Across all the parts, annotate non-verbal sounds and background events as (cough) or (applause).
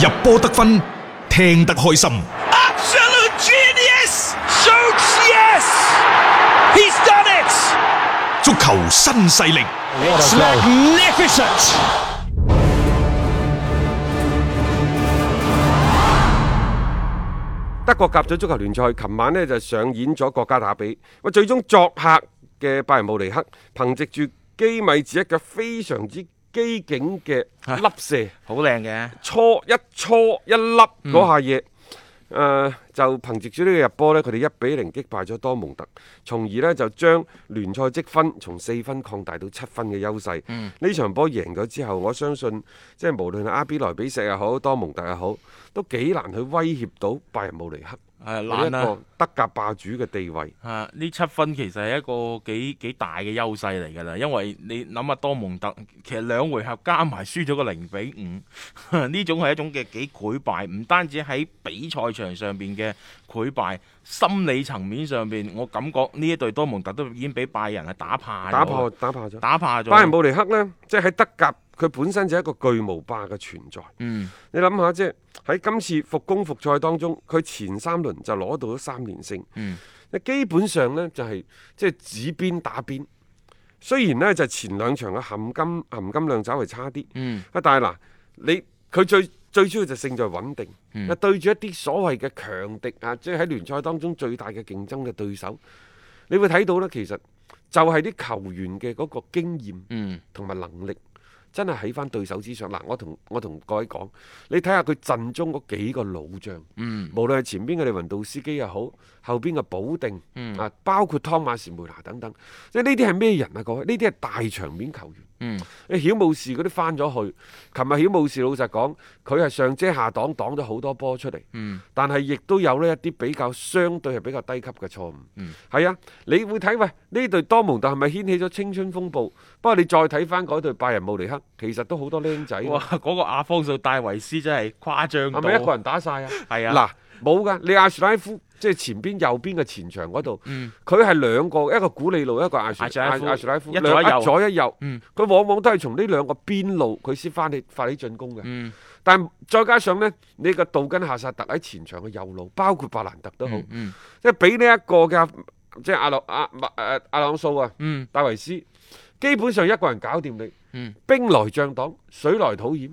入波得分，聽得開心。Absolute genius, shoots yes, he's done it. 足球新勢力，Magnificent。德國甲組足球聯賽，琴晚呢就上演咗國家打比，咁，最終作客嘅拜仁慕尼黑，憑借住基米奇一腳非常之，機警嘅粒射好靚嘅，搓一搓一粒嗰下嘢，誒、嗯呃、就憑藉住呢個入波呢佢哋一比零擊敗咗多蒙特，從而呢就將聯賽積分從四分擴大到七分嘅優勢。呢、嗯、場波贏咗之後，我相信即係無論阿比萊比錫又好，多蒙特又好，都幾難去威脅到拜仁慕尼黑。係，攞、啊、德甲霸主嘅地位。啊，呢七分其實係一個幾幾大嘅優勢嚟㗎啦，因為你諗下多蒙特，其實兩回合加埋輸咗個零比五，呢種係一種嘅幾潰敗，唔單止喺比賽場上邊嘅潰敗，心理層面上邊，我感覺呢一隊多蒙特都已經俾拜仁係打怕。打破，打怕咗。打怕咗。拜仁慕尼黑呢，即係喺德甲。佢本身就係一個巨無霸嘅存在。嗯，你諗下，即係喺今次復工復賽當中，佢前三輪就攞到咗三連勝。嗯，基本上呢，就係即係指邊打邊，雖然呢，就是，前兩場嘅含金含金量稍微差啲。嗯，但係嗱，你佢最最主要就勝在穩定。嗯，對住一啲所謂嘅強敵啊，即係喺聯賽當中最大嘅競爭嘅對手，你會睇到呢，其實就係啲球員嘅嗰個經驗，嗯，同埋能力。嗯嗯真係喺翻對手之上嗱、啊，我同我同各位講，你睇下佢陣中嗰幾個老將，嗯、無論係前邊嘅李雲道斯基又好，後邊嘅保定、嗯、啊，包括湯馬士梅拿等等，即係呢啲係咩人啊？各位，呢啲係大場面球員。誒、嗯、曉慕士嗰啲翻咗去，琴日曉慕士老實講，佢係上遮下擋擋咗好多波出嚟，嗯、但係亦都有呢一啲比較相對係比較低級嘅錯誤。係、嗯、啊，你會睇喂呢隊多蒙特係咪掀起咗青春風暴？不過你再睇翻嗰隊拜仁慕尼黑。其實都好多靚仔，哇！嗰個阿方素戴維斯真係誇張，係咪一個人打晒啊？係 (laughs) 是啊，嗱，冇噶，你阿什拉夫即係前邊右邊嘅前場嗰度，佢係兩個，一個古里路，一個阿什阿什拉夫，一左一右，佢、嗯、往往都係從呢兩個邊路佢先翻去發起進攻嘅。嗯、但再加上呢，你個杜根夏薩特喺前場嘅右路，包括巴蘭特都好，嗯嗯即係俾呢一個嘅，即係阿洛阿阿，阿，阿，阿朗素啊，嗯、戴維斯，基本上一個人搞掂你。嗯，兵來將擋，水來土掩。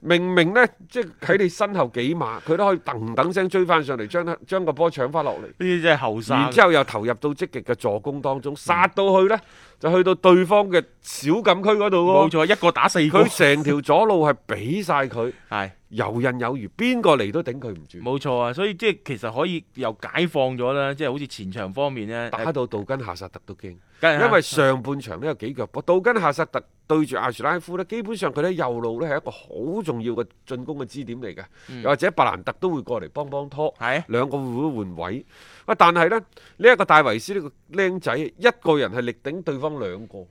明明呢，即係喺你身後幾碼，佢都可以噔噔聲追翻上嚟，將將個波搶翻落嚟。呢啲真係後生。然之後又投入到積極嘅助攻當中，殺到去呢，嗯、就去到對方嘅小禁區嗰度。冇錯，一個打四個，佢成條左路係俾晒佢。係。 (laughs) 游刃有餘，邊個嚟都頂佢唔住。冇錯啊，所以即係其實可以又解放咗啦，即係好似前場方面咧，打到杜根夏薩特都驚，因為上半場咧有幾腳波。杜根夏薩特對住阿什拉夫咧，基本上佢咧右路咧係一個好重要嘅進攻嘅支點嚟嘅，或者白蘭特都會過嚟幫幫拖，兩個會唔會換位。喂，但係咧呢一個戴維斯呢個僆仔，一個人係力頂對方兩個，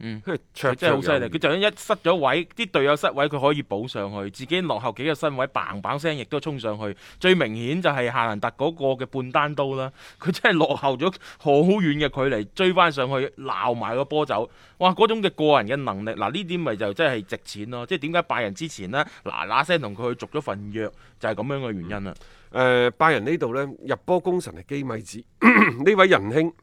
真係好犀利。佢就算一失咗位，啲隊友失位，佢可以補上去，自己落後幾個身位。砰砰聲亦都衝上去，最明顯就係夏蘭特嗰個嘅半單刀啦，佢真係落後咗好遠嘅距離，追翻上去鬧埋個波走，哇！嗰種嘅個人嘅能力，嗱呢啲咪就真係值錢咯，即係點解拜仁之前呢？嗱嗱聲同佢續咗份約，就係、是、咁樣嘅原因啦。誒、嗯呃，拜仁呢度呢，入波功臣係基米子，呢 (coughs) 位仁兄，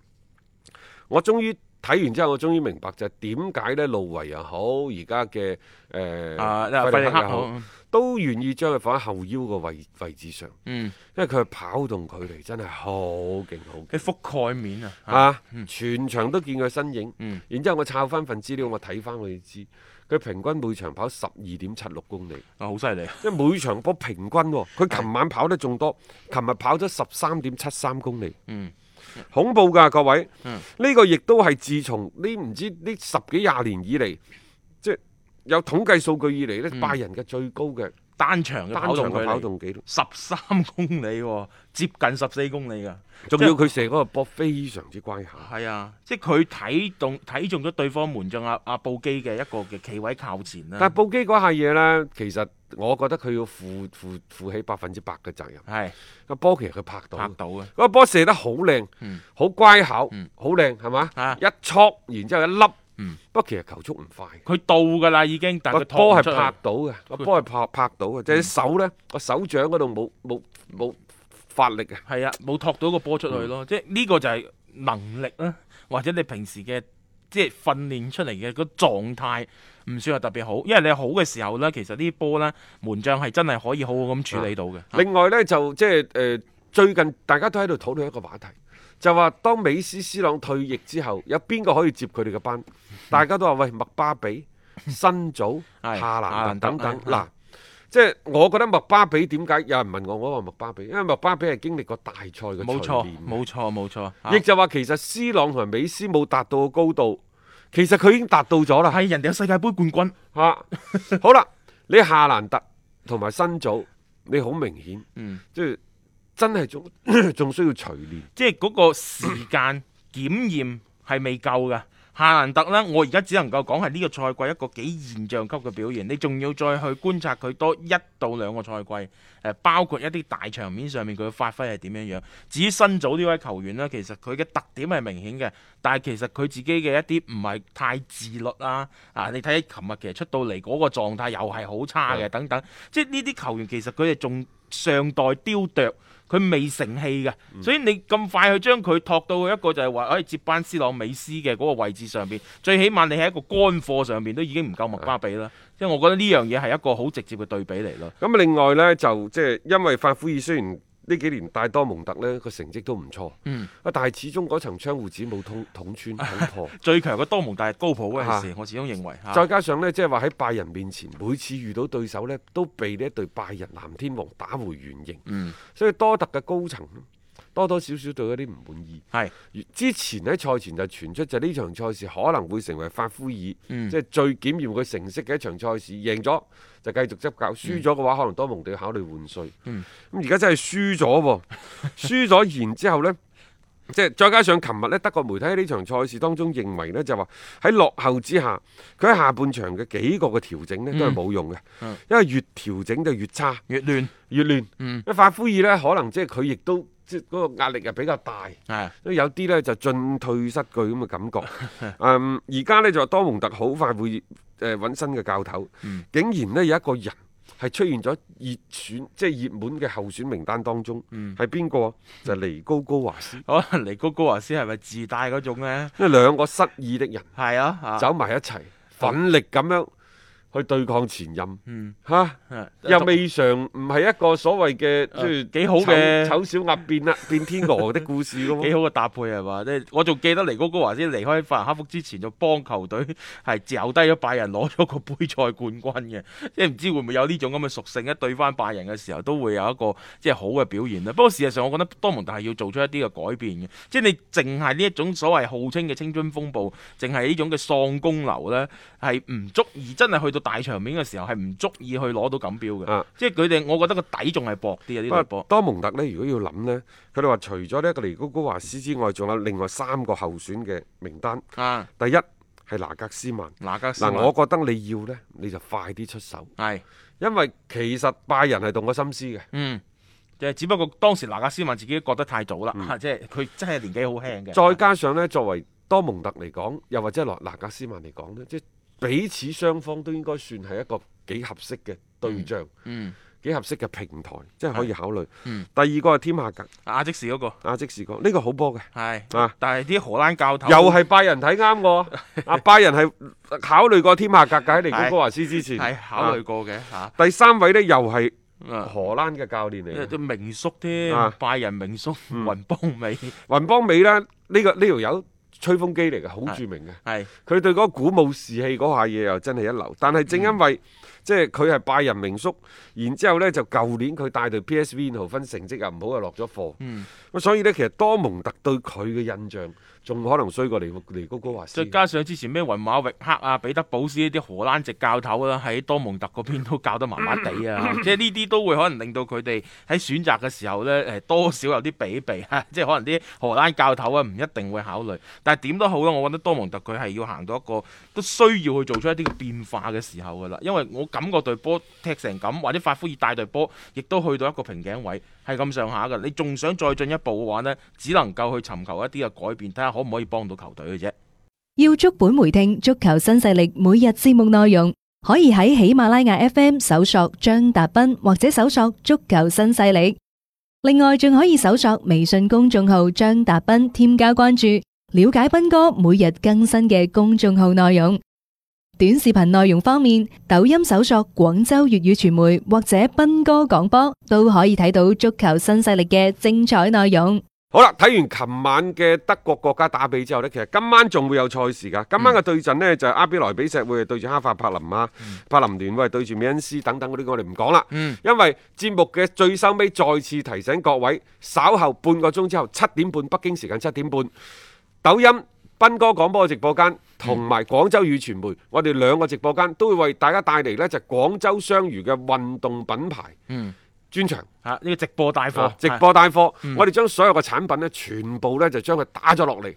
我終於。睇完之後，我終於明白就係點解呢路維又好，而家嘅誒費迪克又好、啊、都願意將佢放喺後腰個位位置上，嗯、因為佢跑動距離真係好勁好勁。覆蓋面啊，嚇、啊，啊嗯、全場都見佢身影。嗯、然之後我抄翻份資料，我睇翻佢知，佢平均每場跑十二點七六公里好犀利！啊、因為每場波平均、哦，佢琴晚跑得仲多，琴日 (laughs) 跑咗十三點七三公里。嗯嗯恐怖噶，各位，呢、嗯、個亦都係自從呢唔知呢十幾廿年以嚟，即係有統計數據以嚟咧，拜仁嘅最高嘅。嗯。單場嘅跑動佢十三公里，接近十四公里嘅，仲要佢射嗰個波非常之乖巧。係啊，即係佢睇中睇中咗對方門將阿阿布基嘅一個嘅企位靠前啦。但係布基嗰下嘢咧，其實我覺得佢要負負負起百分之百嘅責任。係，個波其實佢拍到拍到嘅，個波射得好靚，好、嗯、乖巧，好靚係嘛，啊、一戳，然之後一粒。嗯，不過其實球速唔快，佢到噶啦已經，但個波係拍到嘅，個波係拍拍到嘅，即、就、係、是、手咧個、嗯、手掌嗰度冇冇冇發力啊，係啊，冇托到個波出去咯，嗯、即係呢個就係能力啦，或者你平時嘅即係訓練出嚟嘅個狀態唔算係特別好，因為你好嘅時候咧，其實啲波咧門將係真係可以好好咁處理到嘅、啊。另外咧就即係誒。呃最近大家都喺度討論一個話題，就話當美斯、斯朗退役之後，有邊個可以接佢哋嘅班？大家都話：喂，麥巴比、新祖、 (laughs) 夏蘭特等等。嗱， (laughs) 哎啦嗯、即係我覺得麥巴比點解？有人問我，我話麥巴比，因為麥巴比係經歷過大賽嘅，冇錯，冇錯，冇錯。亦就話其實斯朗同美斯冇達到嘅高度，其實佢已經達到咗啦。係人哋有世界盃冠軍嚇。啊、 (laughs) 好啦，你夏蘭特同埋新祖，你好明顯，即係、嗯。嗯真係仲仲需要錘煉，即係嗰個時間檢驗係未夠嘅。夏蘭特呢，我而家只能夠講係呢個賽季一個幾現象級嘅表現。你仲要再去觀察佢多一到兩個賽季，包括一啲大場面上面佢嘅發揮係點樣樣？至於新組呢位球員呢，其實佢嘅特點係明顯嘅，但係其實佢自己嘅一啲唔係太自律啦。啊，你睇琴日其實出到嚟嗰個狀態又係好差嘅，嗯、等等。即係呢啲球員其實佢哋仲尚待雕琢。佢未成器嘅，所以你咁快去將佢托到一個就係話可以接班斯朗美斯嘅嗰個位置上邊，最起碼你喺一個乾貨上邊都已經唔夠麥巴比啦，即係我覺得呢樣嘢係一個好直接嘅對比嚟咯。咁另外呢，就即係因為法夫爾雖然。呢幾年大多蒙特呢個成績都唔錯，啊！但係始終嗰層窗戶紙冇捅穿捅破。最強嘅多蒙，但係高普嗰陣時，我始終認為。再加上呢，即係話喺拜仁面前，每次遇到對手呢，都被呢一隊拜仁藍天王打回原形。嗯、所以多特嘅高層。多多少少都有啲唔滿意。係之前喺賽前就傳出，就呢場賽事可能會成為法夫爾，即係最檢驗佢成績嘅一場賽事。贏咗就繼續執教，輸咗嘅話可能多蒙就要考慮換帥。咁而家真係輸咗喎，輸咗然之後呢，即係再加上琴日呢，德國媒體喺呢場賽事當中認為呢，就話喺落後之下，佢喺下半場嘅幾個嘅調整呢，都係冇用嘅，因為越調整就越差、越亂、越亂。法夫爾呢，可能即係佢亦都。即係嗰個壓力又比較大，所以、啊、有啲咧就進退失據咁嘅感覺。 (laughs) 嗯，而家咧就話多蒙特好快會誒揾、呃、新嘅教頭，嗯、竟然咧有一個人係出現咗熱選，即係熱門嘅候選名單當中，係邊個？就係、尼高高華斯。可 (laughs) 尼高高華斯係咪自大嗰種咧？因為兩個失意的人，係啊，走埋一齊，奮力咁樣，去對抗前任，嚇、嗯、又未嘗唔係一個所謂嘅即係幾好嘅醜、醜小鴨變啦變天鵝的故事咯， (laughs) 幾好嘅搭配係嘛？即係我仲記得尼高高華斯先離開法蘭克福之前，就幫球隊係嚼低咗拜仁攞咗個杯賽冠軍嘅，即係唔知會唔會有呢種咁嘅屬性，一對翻拜仁嘅時候都會有一個即係好嘅表現啦。不過事實上，我覺得多蒙特係要做出一啲嘅改變嘅，即係你淨係呢一種所謂號稱嘅青春風暴，淨係呢種嘅喪公流呢，係唔足以真係去到。大場面嘅時候係唔足以去攞到錦標嘅，啊、即係佢哋，我覺得個底仲係薄啲。不過、啊，但多蒙特咧，如果要諗呢，佢哋話除咗呢個尼古高華斯之外，仲有另外三個候選嘅名單。啊，第一係拿格斯曼。拿格斯曼，嗱，我覺得你要呢，你就快啲出手。係是，因為其實拜仁係動咗心思嘅。嗯，就係、是、只不過當時拿格斯曼自己覺得太早啦，嗯、即係佢真係年紀好輕嘅、嗯。再加上呢，作為多蒙特嚟講，又或者落拿格斯曼嚟講呢。即係。彼此雙方都應該算係一個幾合適嘅對象，嗯，幾合適嘅平台，即係可以考慮。嗯，第二個係添下格阿積士嗰個，阿積士個呢個好波嘅，係啊，但係啲荷蘭教頭又係拜仁睇啱我，阿拜仁係考慮過添下格嘅嚟嘅，喺尼高波華斯之前係考慮過嘅吓。第三位呢又係荷蘭嘅教練嚟嘅，都名宿添，拜仁名宿雲邦美，雲邦美咧呢個呢條友。吹風機嚟嘅，好著名嘅。係佢對嗰個鼓舞士氣嗰下嘢又真係一流。但係正因為、嗯、即係佢係拜仁名宿，然之後呢，就舊年佢帶隊 PSV 五號分成績又唔好，又落咗貨。咁、嗯、所以呢，其實多蒙特對佢嘅印象。仲可能衰過嚟嚟高高華斯，再加上之前咩雲馬域克啊、彼得保斯呢啲荷蘭籍教頭啦，喺多蒙特嗰邊都教得麻麻地啊， (laughs) 即係呢啲都會可能令到佢哋喺選擇嘅時候咧，誒多少有啲比比，啊、即係可能啲荷蘭教頭啊，唔一定會考慮，但係點都好啦，我覺得多蒙特佢係要行到一個都需要去做出一啲變化嘅時候噶啦，因為我感覺對波踢成咁，或者法夫爾帶隊波，亦都去到一個瓶頸位係咁上下噶，你仲想再進一步嘅話咧，只能夠去尋求一啲嘅改變睇下，看看可唔可以幫到球隊嘅啫？要足本回聽足球新勢力每日節目內容，可以喺喜馬拉雅 FM 搜索張達斌，或者搜索足球新勢力。另外，仲可以搜索微信公眾號張達斌，添加關注，了解斌哥每日更新嘅公眾號內容。短視頻內容方面，抖音搜索廣州粵語傳媒或者斌哥講波，都可以睇到足球新勢力嘅精彩內容。好啦，睇完琴晚嘅德國國家打比之後咧，其實今晚仲會有賽事噶。今晚嘅對陣咧就係阿比萊比錫會對住哈法柏林啊，柏林聯會對住美恩斯等等嗰啲，我哋唔講啦，因為節目嘅最收尾再次提醒各位，稍後半個鐘之後七點半，北京時間七點半，抖音斌哥廣播嘅直播間同埋廣州雨傳媒，我哋兩個直播間都會為大家帶嚟咧就廣州雙魚嘅運動品牌。專場吓呢個直播帶貨，直播帶貨，我哋將所有嘅產品咧，全部咧就將佢打咗落嚟，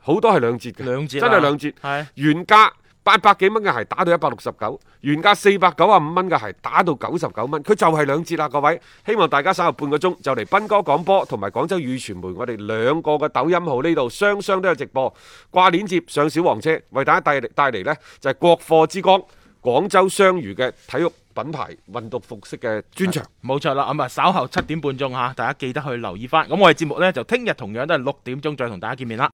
好多係兩折嘅，兩折真係兩折，係原價八百幾蚊嘅鞋打到一百六十九，原價四百九十五蚊嘅鞋打到九十九蚊，佢就係兩折啦，各位，希望大家稍後半個鐘就嚟斌哥廣播同埋廣州雨傳媒我哋兩個嘅抖音號呢度雙雙都有直播，掛鏈接上小黃車，為大家帶嚟帶嚟咧就係國貨之光廣州雙魚嘅體育。品牌運動服飾嘅專場，冇錯啦。咁啊，稍後七點半鐘吓，大家記得去留意返。咁我哋節目咧就聽日同樣都係六點鐘再同大家見面啦。